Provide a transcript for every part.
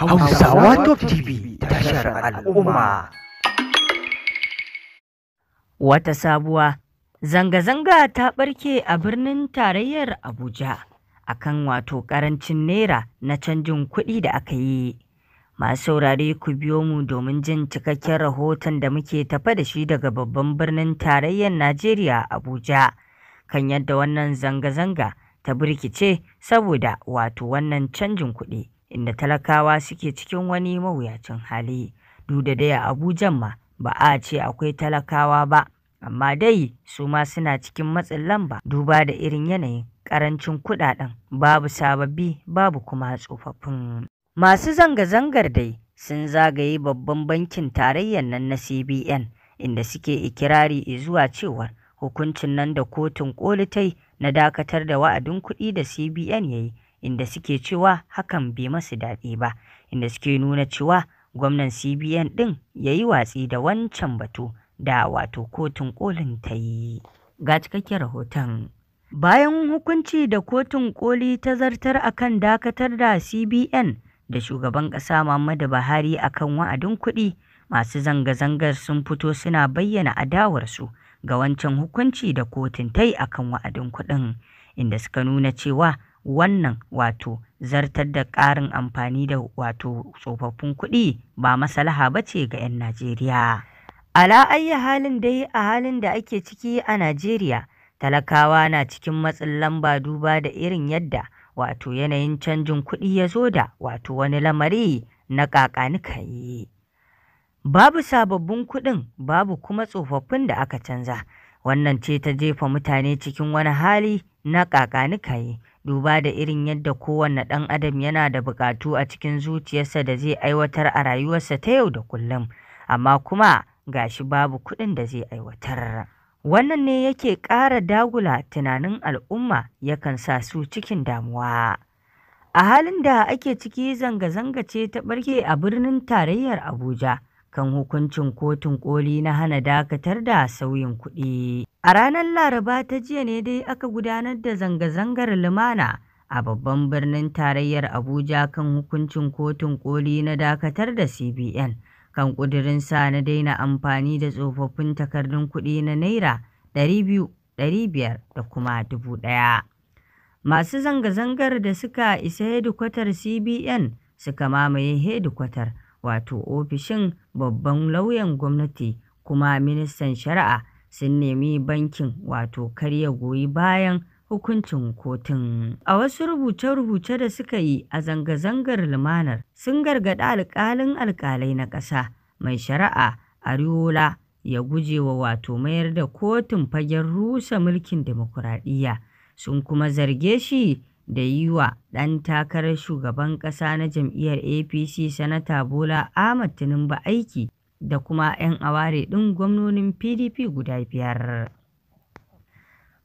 Hausawa Top TV tashar al'umma. Wata sabuwa zanga-zanga ta ɓarke a birnin tarayyar Abuja a kan wato ƙarancin naira na canjin kuɗi da aka yi. Masu saurare ku biyo mu domin jin cikakken rahoton da muke tafa da shi daga babban birnin tarayyar Najeriya Abuja kan yadda wannan zanga-zanga ta birkice saboda wato wannan canjin kuɗi. inda talakawa suke cikin wani mawuyacin hali duk da dai a Abujan ma ba a ce akwai talakawa ba amma dai su ma suna cikin matsin lamba duba da irin yanayin karancin kudaden babu sababbi babu kuma tsofaffin masu zanga-zangar dai sun zagaye babban bankin tarayyar nan na cbn inda suke ikirari zuwa cewar hukuncin nan da kotun koli na dakatar da wa'adin kuɗi da cbn ya yi inda suke cewa hakan bai masu daɗi ba, inda suke nuna cewa gwamnan CBN ɗin ya yi watsi da wancan batu da wato kotun kolin ta yi. Ga cikakken rahoton. Bayan hukunci da kotun koli ta zartar akan dakatar da CBN da shugaban ƙasa Muhammadu Buhari akan wa'adin kuɗi, masu zanga-zangar sun fito suna bayyana adawarsu ga wancan hukunci da kotun ta yi akan wa'adin kuɗin, inda suka nuna cewa Wannan wato zartar da ƙarin amfani da wato tsofaffin kuɗi ba masalaha ba ce ga 'yan Najeriya. Ala ayyi halin dai a halin da ake ciki a Najeriya, talakawa na cikin matsin lamba duba da irin yadda wato yanayin canjin kuɗi ya zo da wato wani lamari na ƙaƙanikayi. Babu sababbin kuɗin babu kuma tsofaffin da aka canza. Wannan ce ta jefa mutane cikin wani hali na ƙaƙanikayi, duba da irin yadda kowanne ɗan adam yana da buƙatu a cikin zuciyarsa da zai aiwatar a rayuwarsa ta yau da kullum, amma kuma ga shi babu kuɗin da zai aiwatar. Wannan ne yake ƙara dagula tunanin al'umma yakan sa su cikin damuwa. A halin da ake ciki zanga-zanga ce ta ɓarke a birnin tarayyar Abuja. kan hukuncin Kotun Koli na hana dakatar da sauyin kuɗi. A ranar Laraba ta jiya ne dai aka gudanar da zanga-zangar lumana a babban birnin tarayyar Abuja kan hukuncin Kotun Koli na dakatar da CBN kan sa na daina amfani da tsofaffin takardun kuɗi na Naira 200,500 da kuma 1,000. Masu zanga-zangar da suka isa hedikwatar CBN suka mamaye hedikwatar wato ofishin Babban Lauyan Gwamnati kuma Ministan Shari'a sun nemi bankin wato karya goyi bayan hukuncin kotun. A wasu rubuce-rubuce da suka yi a zanga-zangar lumanar, sun gargaɗi alƙalin alƙalai na ƙasa, mai shari'a Ariola ya gujewa wato mayar da kotun fagen rusa mulkin dimokuraɗiyya, sun kuma zarge shi da yi wa ɗan takarar shugaban ƙasa na jam'iyyar APC Sanata Bola Ahmed Tinubu aiki da kuma 'yan aware ɗin gwamnonin PDP guda biyar.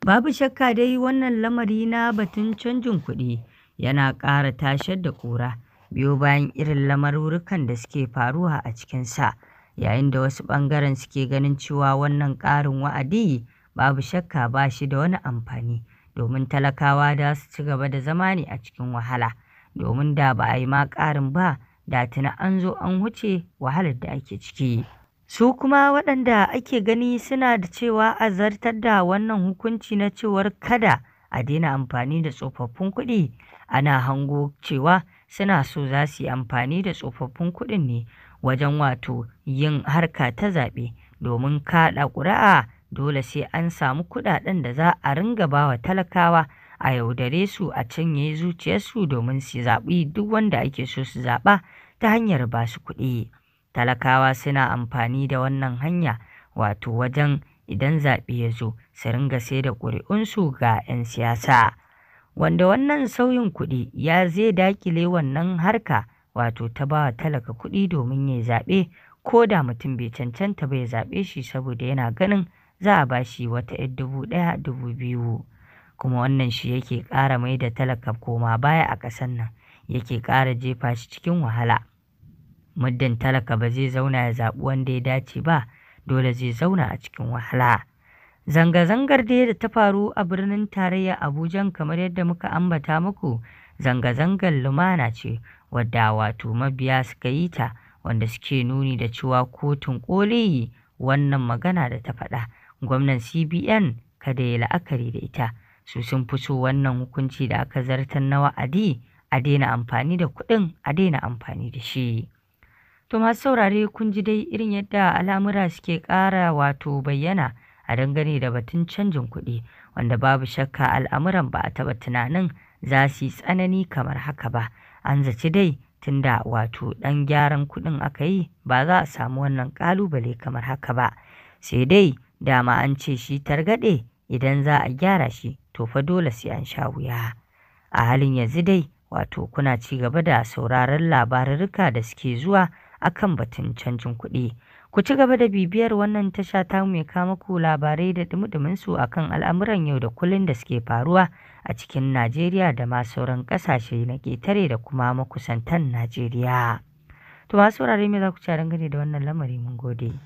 Babu shakka dai wannan lamari na batun canjin kuɗi yana ƙara tashar da ƙura biyo bayan irin lamarurukan da suke faruwa a cikinsa yayin da wasu ɓangaren suke ganin cewa wannan ƙarin wa'adi babu shakka ba shi da wani amfani. domin talakawa da su ci gaba da zama ne a cikin wahala domin da ba a yi ma ƙarin ba da tuna an zo an wuce wahalar da ake ciki su kuma waɗanda ake gani suna da cewa a zartar da wannan hukunci na cewar kada a daina amfani da tsofaffin kuɗi ana hango cewa suna so za su yi amfani da tsofaffin kuɗin ne wajen wato yin harka ta zaɓe domin kaɗa ƙuri'a dole sai an samu kuɗaɗen da za a ringa bawa talakawa a yaudare su a canye zuciyarsu domin su zaɓi duk wanda ake so su zaɓa ta hanyar ba su kuɗi. Talakawa suna amfani da wannan hanya wato wajen idan zaɓe ya zo su ringa sai da ƙuri'unsu ga 'yan siyasa. Wanda wannan sauyin kuɗi ya zai dakile wannan harka wato ta bawa talaka kuɗi domin ya zaɓe ko da mutum bai cancanta bai zaɓe shi saboda yana ganin za a ba shi wata ‘yar dubu ɗaya, dubu biyu. Kuma wannan shi yake ƙara mai da talaka koma baya a ƙasar nan, yake ƙara jefa shi cikin wahala. Muddin talaka ba zai zauna ya zaɓi wanda ya dace ba, dole zai zauna a cikin wahala. Zanga-zangar dai da ta faru a birnin tarayya Abuja kamar yadda muka ambata muku, zanga-zangar lumana ce wadda wato mabiya suka yi ta wanda suke nuni da cewa kotun koli wannan magana da ta faɗa. gwamnan CBN kada ya yi la'akari da ita, su sun fi wannan hukunci da aka zartar na wa'adi a daina amfani da kuɗin a daina amfani da shi. To masu saurare kun ji dai irin yadda al'amura suke ƙara wato bayyana a dangane da batun canjin kuɗi wanda babu shakka al'amuran ba a taɓa tunanin za su yi tsanani kamar haka ba. An zaci dai tunda wato ɗan gyaran kuɗin aka yi ba za a samu wannan ƙalubale kamar haka ba. Sai dai Dama an ce shi targaɗe idan za a gyara shi to fa dole sai an sha wuya. A halin yanzu dai wato kuna ci gaba da sauraron labarurruka da suke zuwa akan batun canjin kuɗi. Ku ci gaba da bibiyar wannan tasha ta mai kama ku, labarai da dumudumin su akan al'amuran yau da kullun da suke faruwa a cikin Najeriya da ma sauran ƙasashe na ƙetare da kuma makusantan Najeriya. To masu saurare me za ku ci dangane da wannan lamari mun gode.